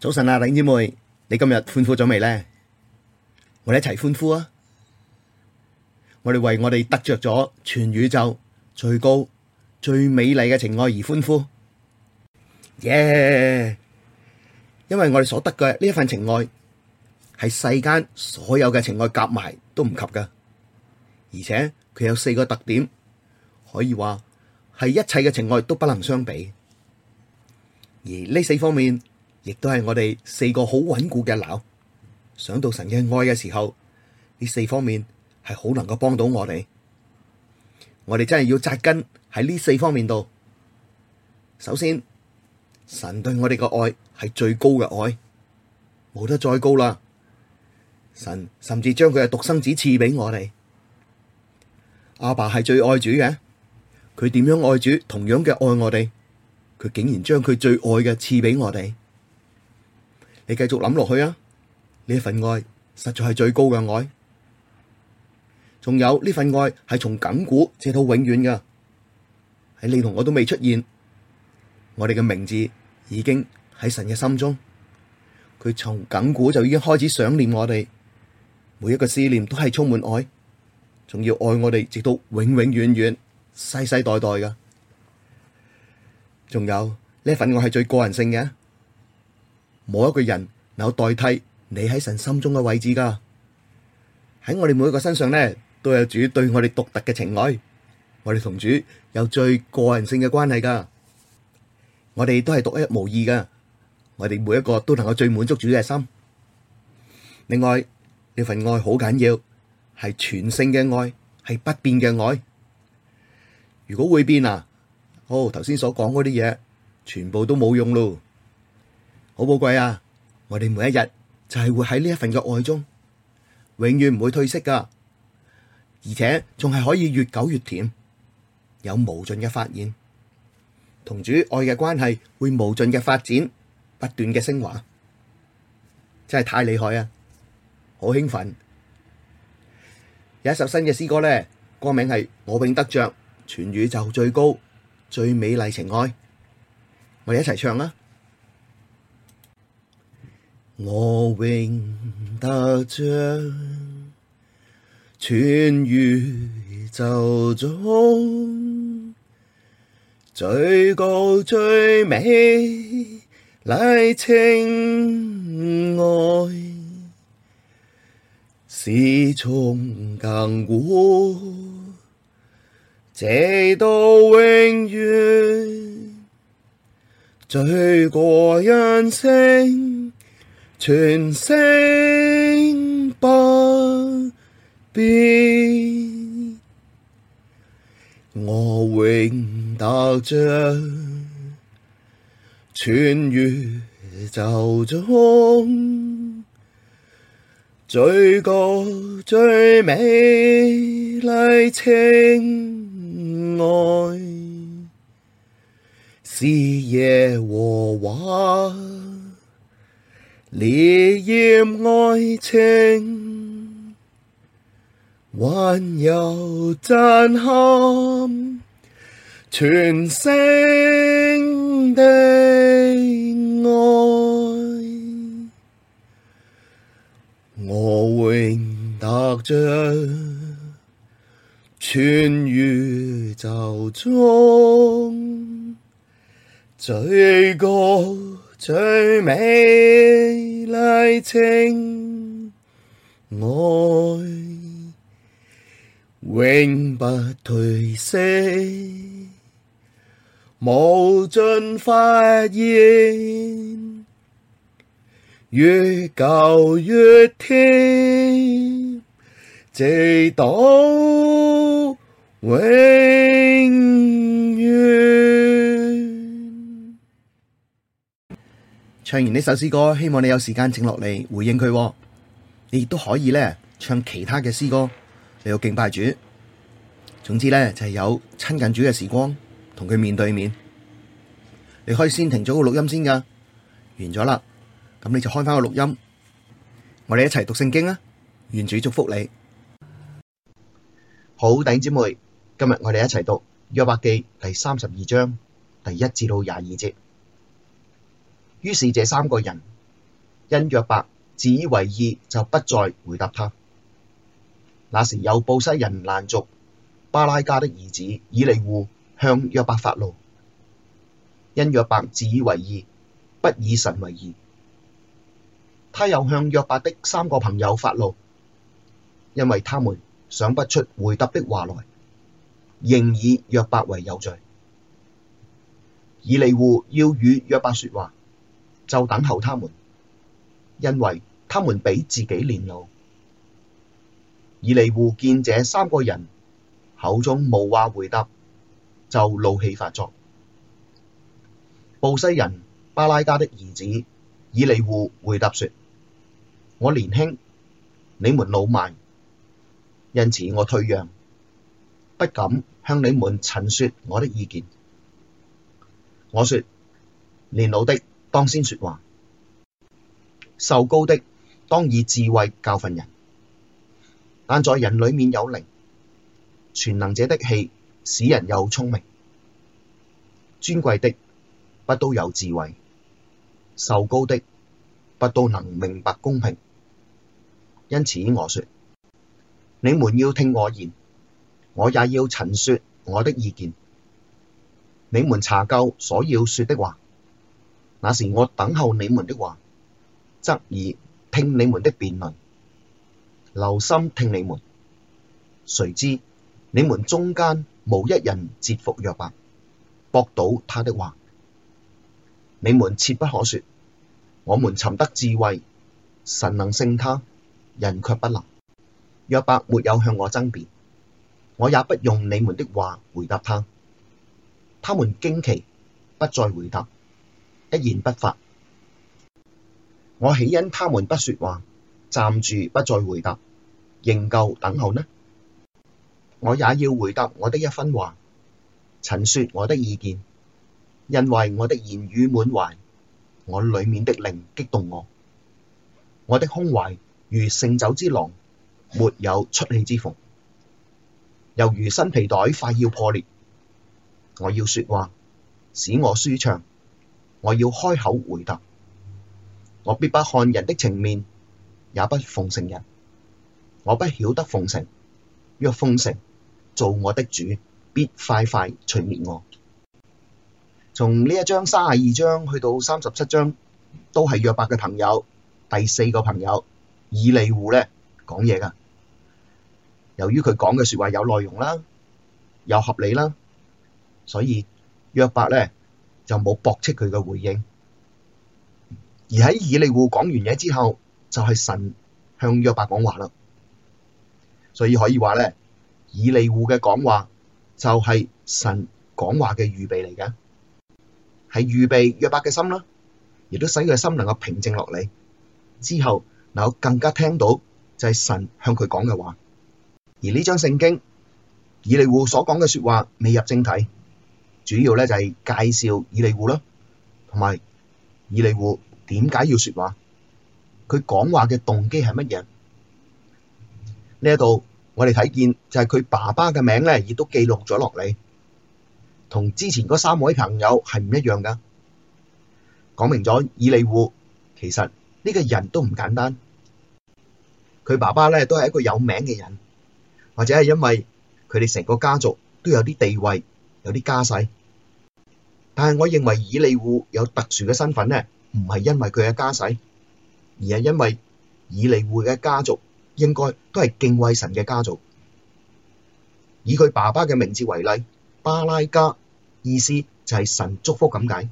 早晨啊，頂姐妹，你今日歡呼咗未呢？我哋一齊歡呼啊！我哋為我哋得着咗全宇宙最高最美麗嘅情愛而歡呼，耶、yeah！因為我哋所得嘅呢一份情愛，係世間所有嘅情愛夾埋都唔及噶，而且佢有四個特點，可以話係一切嘅情愛都不能相比，而呢四方面，亦都係我哋四個好穩固嘅樓，想到神嘅愛嘅時候，呢四方面係好能夠幫到我哋。我哋真係要紮根喺呢四方面度。首先，神對我哋嘅愛係最高嘅愛，冇得再高啦。神甚至將佢嘅獨生子賜俾我哋。阿爸係最愛主嘅，佢點樣愛主，同樣嘅愛我哋。佢竟然將佢最愛嘅賜俾我哋。你繼續諗落去啊！呢一份愛實在係最高嘅愛，仲有，呢份愛係從亙古直到永遠嘅。喺你同我都未出現，我哋嘅名字已經喺神嘅心中，佢從亙古就已經開始想念我哋，每一個思念都係充滿愛，仲要愛我哋直到永永遠遠、世世代代嘅。仲有，呢份愛係最個人性嘅。冇一個人能夠代替你喺神心中嘅位置噶。喺我哋每一個身上咧，都有主對我哋獨特嘅情愛，我哋同主有最個人性嘅關係噶。我哋都係獨一無二噶，我哋每一個都能夠最滿足主嘅心。另外呢份愛好緊要，係全性嘅愛，係不變嘅愛。如果會變啊，好，頭先所講嗰啲嘢，全部都冇用咯。好寶貴啊！我哋每一日就係會喺呢一份嘅愛中，永遠唔會褪色噶，而且仲係可以越久越甜，有無盡嘅發現，同主愛嘅關係會無盡嘅發展，不斷嘅升華，真係太厲害啊！好興奮，有一首新嘅詩歌咧，歌名係我永得着全宇宙最高最美麗情愛，我哋一齊唱啦！我永得著全宇宙中最高最美麗情愛，是從亙古，直到永遠，最個人性。全勝不變，我永得著全宇宙中，最高最美麗情愛是耶和華。烈焰愛情，溫柔、震撼，全勝的愛，我永得著，全宇宙中，最高。最美麗情愛，永不褪色，無盡發現，越久越甜，直到永。唱完呢首詩歌，希望你有時間靜落嚟回應佢。你亦都可以咧唱其他嘅詩歌，你要敬拜主。總之咧就係有親近主嘅時光，同佢面對面。你可以先停咗個錄音先噶，完咗啦，咁你就開翻個錄音，我哋一齊讀聖經啊！願主祝福你。好，弟兄姊妹，今日我哋一齊讀約伯記第三十二章第一至到廿二節。於是這三個人因約伯自以為義，就不再回答他。那時有布西人蘭族巴拉迦的兒子以利戶向約伯發怒，因約伯自以為義，不以神為義。他又向約伯的三個朋友發怒，因為他們想不出回答的話來，仍以約伯為有罪。以利戶要與約伯說話。就等候他們，因為他們比自己年老。以利戶見這三個人口中無話回答，就怒氣發作。布西人巴拉迦的兒子以利戶回答說：我年輕，你們老邁，因此我退讓，不敢向你們陳説我的意見。我說：年老的。當先說話，壽高的當以智慧教訓人，但在人裡面有靈，全能者的氣使人有聰明，尊貴的不都有智慧，壽高的不都能明白公平。因此我說，你們要聽我言，我也要陳說我的意見。你們查究所要說的話。那時我等候你們的話，側耳聽你們的辯論，留心聽你們。誰知你們中間無一人折服約伯，駁倒他的話。你們切不可說：我們尋得智慧，神能勝他，人卻不能。約伯沒有向我爭辯，我也不用你們的話回答他。他們驚奇，不再回答。一言不發，我豈因他們不說話，站住不再回答，仍舊等候呢？我也要回答我的一分話，陳説我的意見，因為我的言語滿懷，我裏面的靈激動我，我的胸懷如盛酒之囊，沒有出氣之縫，又如新皮袋快要破裂，我要說話，使我舒暢。我要開口回答，我必不看人的情面，也不奉承人。我不曉得奉承，若奉承，造我的主必快快除滅我。從呢一章三十二章去到三十七章，都係約伯嘅朋友，第四個朋友以利戶呢講嘢㗎。由於佢講嘅說話有內容啦，又合理啦，所以約伯呢。就冇駁斥佢嘅回應，而喺以利戶講完嘢之後，就係神向約伯講話啦。所以可以話咧，以利戶嘅講話就係神講話嘅預備嚟嘅，係預備約伯嘅心啦，亦都使佢嘅心能夠平靜落嚟。之後能夠更加聽到就係神向佢講嘅話。而呢張聖經，以利戶所講嘅說話未入正題。主要咧就係介紹以利戶囉，同埋以利戶點解要說話，佢講話嘅動機係乜嘢？呢一度我哋睇見就係佢爸爸嘅名咧，亦都記錄咗落嚟，同之前嗰三位朋友係唔一樣噶，講明咗以利戶其實呢個人都唔簡單，佢爸爸咧都係一個有名嘅人，或者係因為佢哋成個家族都有啲地位，有啲家世。但係我認為以利戶有特殊嘅身份呢，唔係因為佢嘅家世，而係因為以利戶嘅家族應該都係敬畏神嘅家族。以佢爸爸嘅名字為例，巴拉迦意思就係神祝福咁解。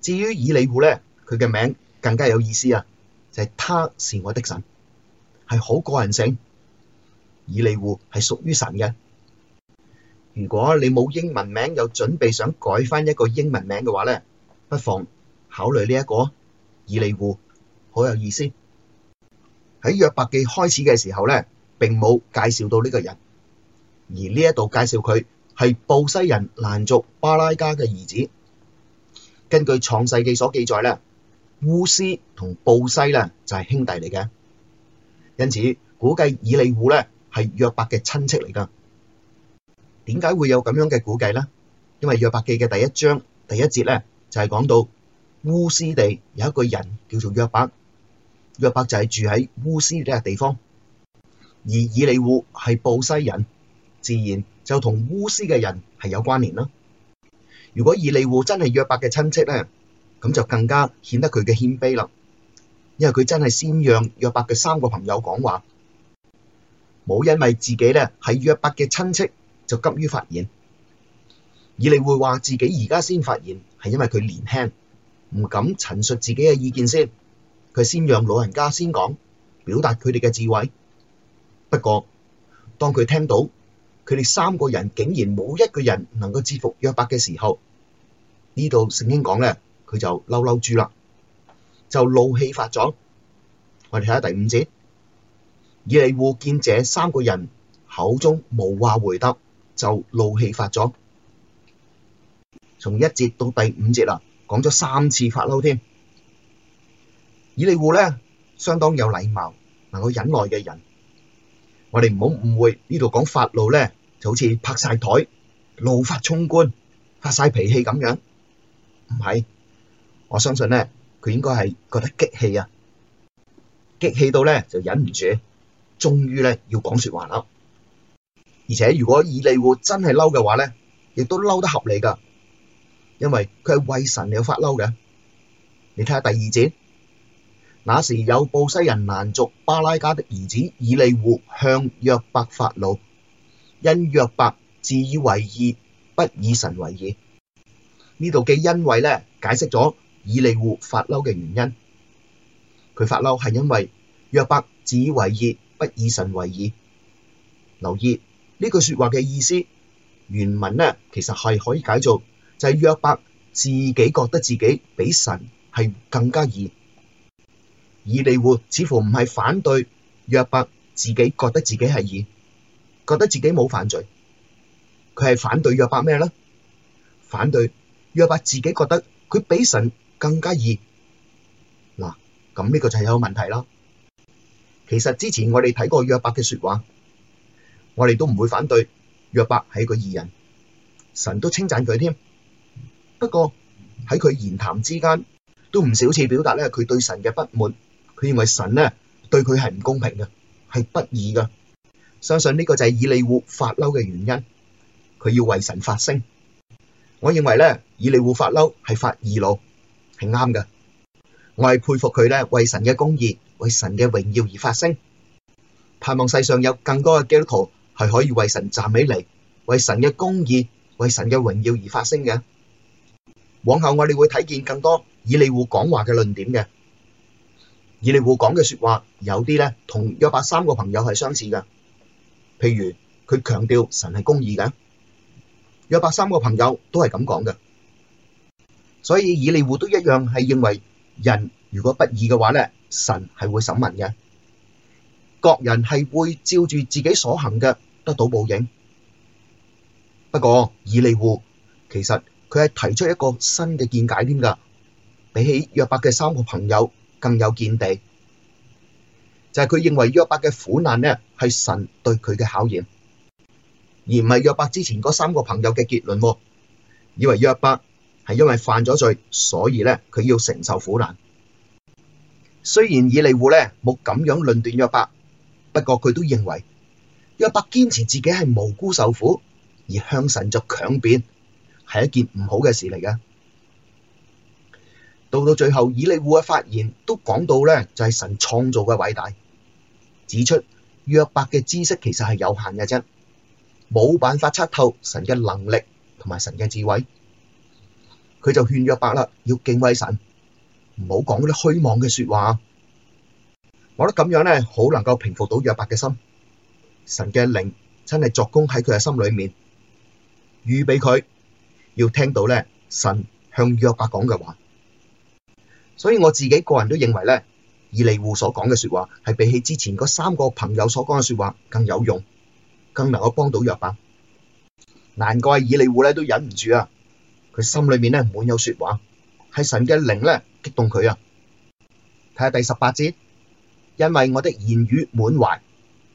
至於以利戶呢，佢嘅名更加有意思啊，就係、是、他是我的神，係好個人性。以利戶係屬於神嘅。如果你冇英文名，又準備想改翻一個英文名嘅話呢，不妨考慮呢、這、一個以利戶，好有意思。喺約伯記開始嘅時候呢，並冇介紹到呢個人，而呢一度介紹佢係布西人蘭族巴拉迦嘅兒子。根據創世記所記載呢，烏斯同布西呢就係兄弟嚟嘅，因此估計以利戶呢係約伯嘅親戚嚟㗎。點解會有咁樣嘅估計咧？因為約伯記嘅第一章第一節咧，就係講到烏斯地有一個人叫做約伯，約伯就係住喺烏斯呢個地方，而以利戶係布西人，自然就同烏斯嘅人係有關聯啦。如果以利戶真係約伯嘅親戚咧，咁就更加顯得佢嘅謙卑啦，因為佢真係先讓約伯嘅三個朋友講話，冇因為自己咧係約伯嘅親戚。就急於發言，以利戶話自己而家先發言，係因為佢年輕，唔敢陳述自己嘅意見先。佢先讓老人家先講，表達佢哋嘅智慧。不過當佢聽到佢哋三個人竟然冇一個人能夠制服約伯嘅時候，聖呢度聖經講咧，佢就嬲嬲住啦，就怒氣發作。我哋睇下第五節，以利戶見這三個人口中無話回答。就怒氣發咗，從一節到第五節啦，講咗三次發嬲添。以利戶咧，相當有禮貌，能夠忍耐嘅人。我哋唔好誤會，講呢度講發怒咧，就好似拍晒枱、怒髮衝冠、發晒脾氣咁樣。唔係，我相信咧，佢應該係覺得激氣啊，激氣到咧就忍唔住，終於咧要講說話啦。而且如果以利戶真係嬲嘅話咧，亦都嬲得合理噶，因為佢係為神而發嬲嘅。你睇下第二節，那時有布西人蘭族巴拉迦的兒子以利戶向約伯發怒，因約伯自以為義，不以神為義。呢度嘅因為咧解釋咗以利戶發嬲嘅原因，佢發嬲係因為約伯自以為義，不以神為義。留意。呢句説話嘅意思，原文呢其實係可以解做，就係約伯自己覺得自己比神係更加義，以利戶，似乎唔係反對約伯自己覺得自己係義，覺得自己冇犯罪。佢係反對約伯咩呢？反對約伯自己覺得佢比神更加義。嗱，咁呢個就係有問題啦。其實之前我哋睇過約伯嘅説話。我哋都唔會反對約伯係一個義人，神都稱讚佢添。不過喺佢言談之間都唔少次表達咧，佢對神嘅不滿，佢認為神咧對佢係唔公平嘅，係不義嘅。相信呢個就係以利戶發嬲嘅原因，佢要為神發聲。我認為咧，以利戶發嬲係發義怒係啱嘅，我係佩服佢咧為神嘅公義、為神嘅榮耀而發聲，盼望世上有更多嘅基督徒。係可以為神站起嚟，為神嘅公義、為神嘅榮耀而發聲嘅。往後我哋會睇見更多以利戶講話嘅論點嘅。以利戶講嘅說話有啲咧，同約伯三個朋友係相似嘅。譬如佢強調神係公義嘅，約伯三個朋友都係咁講嘅。所以以利戶都一樣係認為，人如果不義嘅話咧，神係會審問嘅。各人係會照住自己所行嘅。得到報應。不過以利戶其實佢係提出一個新嘅見解添㗎，比起約伯嘅三個朋友更有見地。就係佢認為約伯嘅苦難呢係神對佢嘅考驗，而唔係約伯之前嗰三個朋友嘅結論。以為約伯係因為犯咗罪，所以呢佢要承受苦難。雖然以利戶呢冇咁樣論斷約伯，不過佢都認為。約伯堅持自己係無辜受苦，而向神作強辯，係一件唔好嘅事嚟嘅。到到最後，以利戶嘅發言都講到咧，就係神創造嘅偉大，指出約伯嘅知識其實係有限嘅啫，冇辦法測透神嘅能力同埋神嘅智慧。佢就勸約伯啦，要敬畏神，唔好講嗰啲虛妄嘅說話。我覺得咁樣咧，好能夠平復到約伯嘅心。神嘅靈真係作工喺佢嘅心裏面，預備佢要聽到咧神向約伯講嘅話，所以我自己個人都認為咧，以利戶所講嘅說話係比起之前嗰三個朋友所講嘅說話更有用，更能夠幫到約伯。難怪以利戶咧都忍唔住啊，佢心裏面咧滿有說話，係神嘅靈咧激動佢啊。睇下第十八節，因為我的言語滿懷。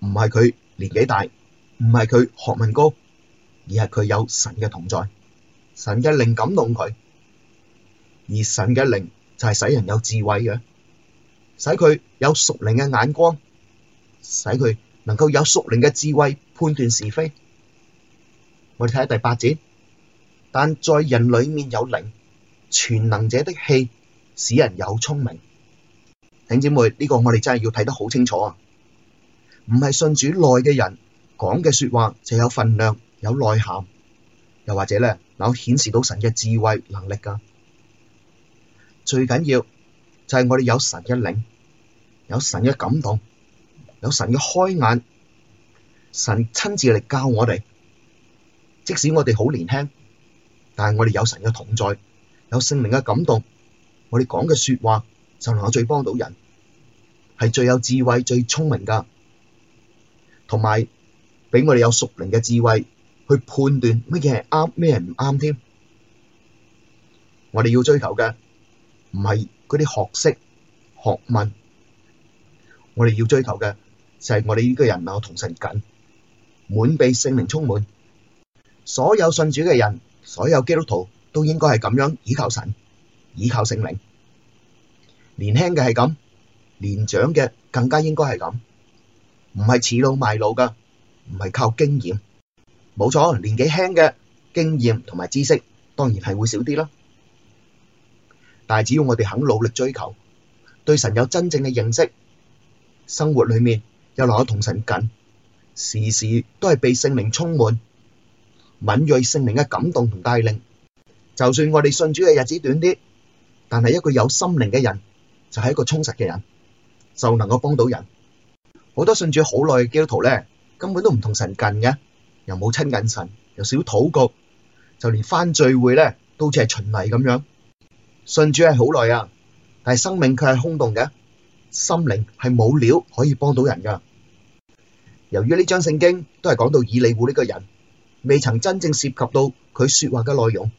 唔係佢年紀大，唔係佢學問高，而係佢有神嘅同在，神嘅靈感動佢，而神嘅靈就係使人有智慧嘅，使佢有熟靈嘅眼光，使佢能夠有熟靈嘅智慧判斷是非。我哋睇下第八節，但在人裏面有靈，全能者的氣使人有聰明。兄弟姐妹呢、這個我哋真係要睇得好清楚啊！唔係信主內嘅人講嘅說話就有份量有內涵，又或者咧能顯示到神嘅智慧能力噶。最緊要就係我哋有神嘅靈，有神嘅感動，有神嘅開眼，神親自嚟教我哋。即使我哋好年輕，但係我哋有神嘅同在，有聖靈嘅感動，我哋講嘅說話就能夠最幫到人，係最有智慧、最聰明噶。同埋畀我哋有屬靈嘅智慧去判斷乜嘢係啱，乜嘢係唔啱添。我哋要追求嘅唔係嗰啲學識學問，我哋要追求嘅就係、是、我哋呢個人物同神緊滿被聖靈充滿。所有信主嘅人，所有基督徒都應該係咁樣倚靠神，倚靠聖靈。年輕嘅係咁，年長嘅更加應該係咁。唔係恃老賣老噶，唔係靠經驗。冇錯，年紀輕嘅經驗同埋知識，當然係會少啲啦。但係只要我哋肯努力追求，對神有真正嘅認識，生活裏面又能夠同神近，時時都係被聖靈充滿，敏銳聖靈嘅感動同帶領。就算我哋信主嘅日子短啲，但係一個有心靈嘅人，就係一個充實嘅人，就能夠幫到人。好多信主好耐嘅基督徒咧，根本都唔同神近嘅，又冇親近神，又少禱告，就連返聚會咧都似係循例咁樣。信主係好耐啊，但係生命卻係空洞嘅，心靈係冇料可以幫到人噶。由於呢張聖經都係講到以利戶呢個人，未曾真正涉及到佢說話嘅內容，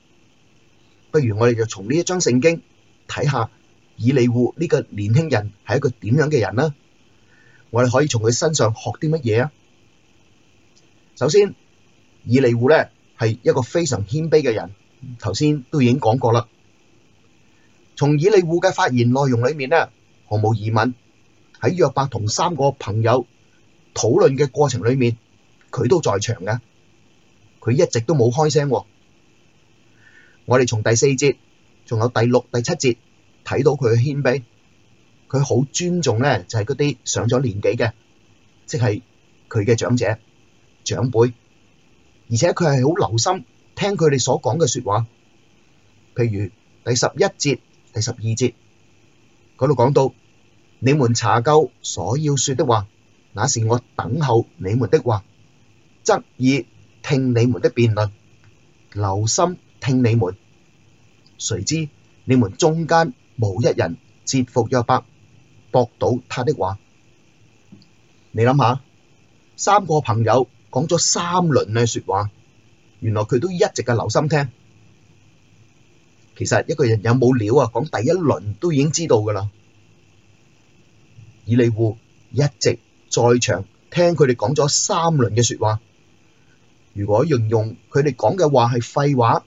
不如我哋就從呢一張聖經睇下以利戶呢個年輕人係一個點樣嘅人啦。我哋可以從佢身上學啲乜嘢啊？首先，以利戶咧係一個非常謙卑嘅人，頭先都已經講過啦。從以利戶嘅發言內容裏面咧，毫無疑問喺約伯同三個朋友討論嘅過程裏面，佢都在場嘅，佢一直都冇開聲。我哋從第四節，仲有第六、第七節睇到佢嘅謙卑。佢好尊重咧，就係嗰啲上咗年紀嘅，即係佢嘅長者、長輩，而且佢係好留心聽佢哋所講嘅説話。譬如第十一節、第十二節嗰度講到，你們查究所要説的話，那時我等候你們的話，側耳聽你們的辯論，留心聽你們。誰知你們中間冇一人折服約伯。駁倒他的話，你諗下，三個朋友講咗三輪嘅說話，原來佢都一直嘅留心聽。其實一個人有冇料啊？講第一輪都已經知道㗎喇。以利戶一直在場聽佢哋講咗三輪嘅說話。如果形容佢哋講嘅話係廢話，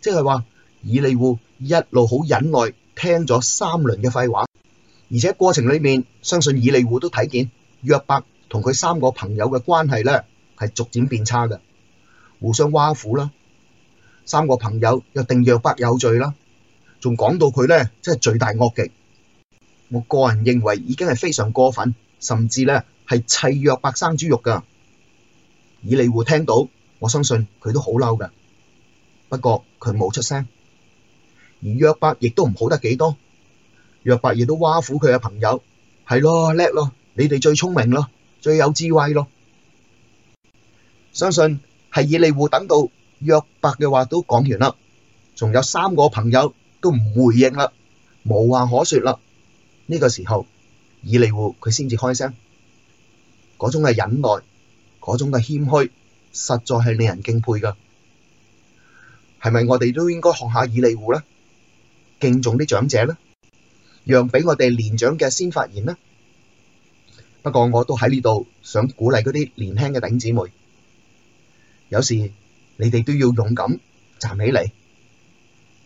即係話以利戶一路好忍耐聽咗三輪嘅廢話。而且過程裏面，相信以利戶都睇見，約伯同佢三個朋友嘅關係呢，係逐漸變差嘅，互相挖苦啦。三個朋友又定約伯有罪啦，仲講到佢呢真係罪大惡極。我個人認為已經係非常過分，甚至呢係砌約伯生豬肉噶。以利戶聽到，我相信佢都好嬲噶，不過佢冇出聲。而約伯亦都唔好得幾多。約伯亦都挖苦佢嘅朋友，係咯叻咯，你哋最聰明咯，最有智慧咯。相信係以利戶等到約伯嘅話都講完啦，仲有三個朋友都唔回應啦，無話可說啦。呢個時候，以利戶佢先至開聲，嗰種嘅忍耐，嗰種嘅謙虛，實在係令人敬佩噶。係咪我哋都應該學下以利戶咧？敬重啲長者咧？讓畀我哋年長嘅先發言啦。不過我都喺呢度想鼓勵嗰啲年輕嘅頂姊妹，有時你哋都要勇敢站起嚟，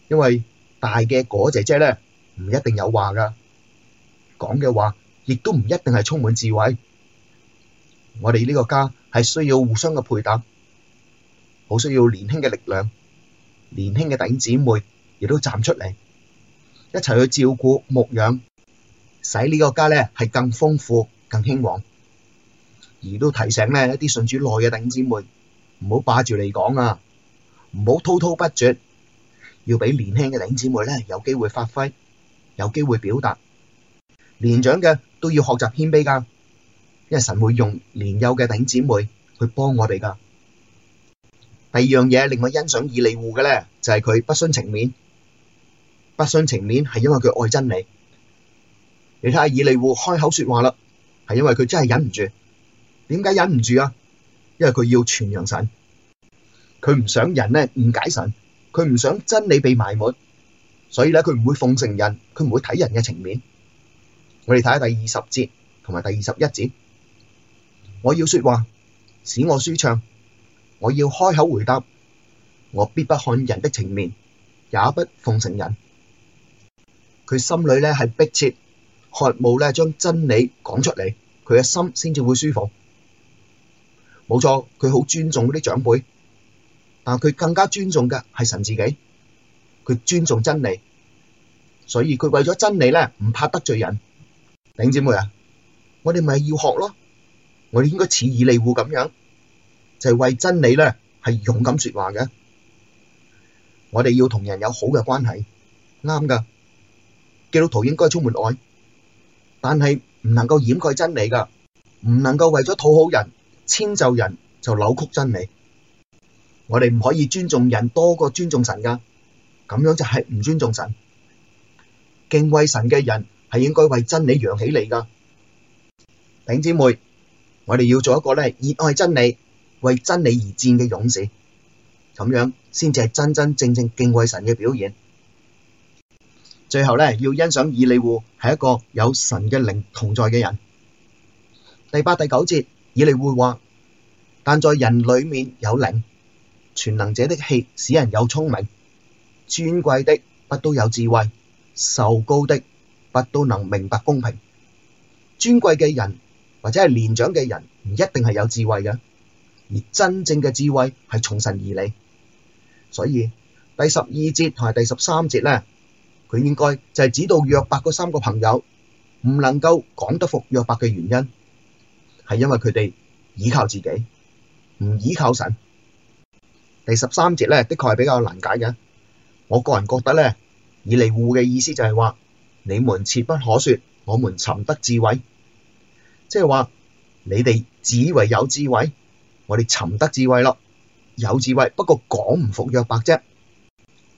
因為大嘅嗰姐姐咧唔一定有話㗎，講嘅話亦都唔一定係充滿智慧。我哋呢個家係需要互相嘅配搭，好需要年輕嘅力量，年輕嘅頂姊妹亦都站出嚟。一齊去照顧牧養，使呢個家呢係更豐富、更興旺。而都提醒呢一啲信主耐嘅頂姊妹，唔好霸住嚟講啊，唔好滔滔不絕，要俾年輕嘅頂姊妹呢有機會發揮，有機會表達。年長嘅都要學習謙卑噶，因為神會用年幼嘅頂姊妹去幫我哋噶。第二樣嘢令我欣賞以利戶嘅呢，就係、是、佢不徇情面。不傷情面，係因為佢愛真理。你睇下以利戶開口說話啦，係因為佢真係忍唔住。點解忍唔住啊？因為佢要傳揚神，佢唔想人呢誤解神，佢唔想真理被埋沒，所以呢，佢唔會奉承人，佢唔會睇人嘅情面。我哋睇下第二十節同埋第二十一節。我要說話，使我舒暢。我要開口回答，我必不看人的情面，也不奉承人。佢心裏咧係迫切渴望咧將真理講出嚟，佢嘅心先至會舒服。冇錯，佢好尊重嗰啲長輩，但佢更加尊重嘅係神自己。佢尊重真理，所以佢為咗真理咧唔怕得罪人。頂姐妹啊，我哋咪要學咯，我哋應該似以利戶咁樣，就係、是、為真理咧係勇敢說話嘅。我哋要同人有好嘅關係，啱噶。基督徒應該充滿愛，但係唔能夠掩蓋真理噶，唔能夠為咗討好人遷就人就扭曲真理。我哋唔可以尊重人多過尊重神噶，咁樣就係唔尊重神。敬畏神嘅人係應該為真理揚起嚟噶，弟兄姊妹，我哋要做一個咧熱愛真理、為真理而戰嘅勇士，咁樣先至係真真正正敬畏神嘅表現。最後呢，要欣賞以利戶係一個有神嘅靈同在嘅人。第八、第九節，以利戶話：但在人裡面有靈，全能者的氣使人有聰明，尊貴的不都有智慧，壽高的不都能明白公平。尊貴嘅人或者係年長嘅人唔一定係有智慧嘅，而真正嘅智慧係從神而嚟。所以第十二節同埋第十三節呢。佢應該就係指到約伯嗰三個朋友唔能夠講得服約伯嘅原因，係因為佢哋倚靠自己，唔倚靠神。第十三節咧，的確係比較難解嘅。我個人覺得咧，以利戶嘅意思就係話：你們切不可説，我們尋得智慧，即係話你哋自以為有智慧，我哋尋得智慧咯，有智慧不過講唔服約伯啫。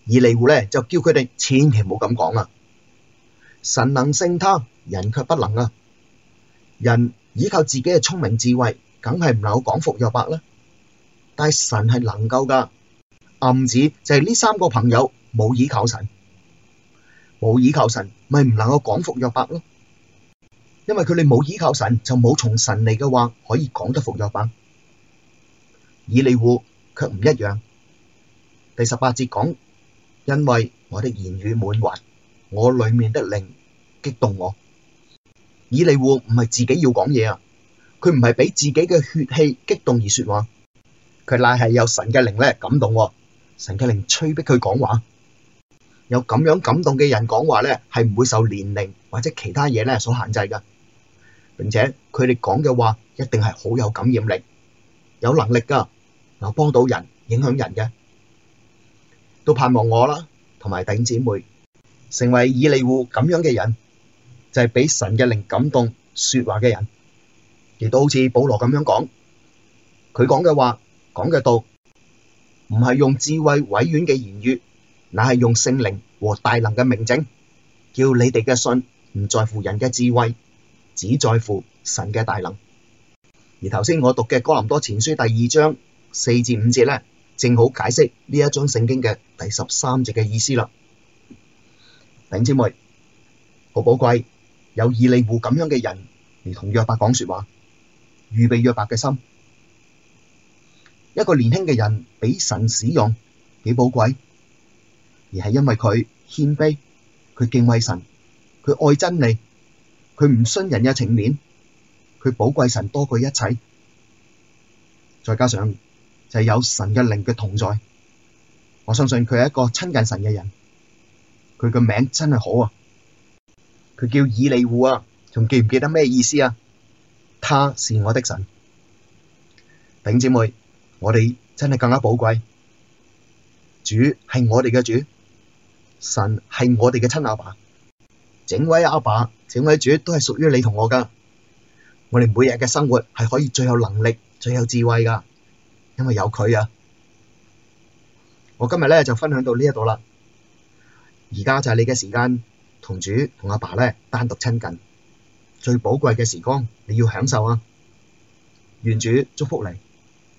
以利戶咧就叫佢哋千祈唔好咁講啊！神能勝他，人卻不能啊！人依靠自己嘅聰明智慧，梗係唔能夠講服約伯啦。但係神係能夠噶，暗指就係呢三個朋友冇依靠神，冇依靠神，咪唔能夠講服約伯咯。因為佢哋冇依靠神，就冇從神嚟嘅話可以講得服約伯。以利戶卻唔一樣，第十八節講。因為我的言語滿懷，我裏面的靈激動我。以利戶唔係自己要講嘢啊，佢唔係俾自己嘅血氣激動而說話，佢乃係由神嘅靈咧感動。神嘅靈催逼佢講話。有咁樣感動嘅人講話咧，係唔會受年齡或者其他嘢咧所限制噶，並且佢哋講嘅話一定係好有感染力，有能力噶，能夠幫到人、影響人嘅。都盼望我啦，同埋弟兄姊妹成為以利戶咁樣嘅人，就係、是、俾神嘅靈感動說話嘅人，亦都好似保羅咁樣講，佢講嘅話講嘅道，唔係用智慧委婉嘅言語，乃係用聖靈和大能嘅明證，叫你哋嘅信唔在乎人嘅智慧，只在乎神嘅大能。而頭先我讀嘅哥林多前書第二章四至五節咧，正好解釋呢一章聖經嘅第十三節嘅意思啦，弟兄姊妹，好寶貴，有以利戶咁樣嘅人嚟同約伯講說話，預備約伯嘅心。一個年輕嘅人俾神使用，幾寶貴，而係因為佢謙卑，佢敬畏神，佢愛真理，佢唔徇人嘅情面，佢寶貴神多過一切，再加上。就係有神嘅靈嘅同在，我相信佢係一個親近神嘅人。佢嘅名真係好啊！佢叫以利戶啊，仲記唔記得咩意思啊？他是我的神。弟兄姊妹，我哋真係更加寶貴。主係我哋嘅主，神係我哋嘅親阿爸，整位阿爸，整位主都係屬於你同我噶。我哋每日嘅生活係可以最有能力、最有智慧噶。因為有佢啊，我今日咧就分享到呢一度啦。而家就係你嘅時間，同主同阿爸咧單獨親近，最寶貴嘅時光你要享受啊！願主祝福你。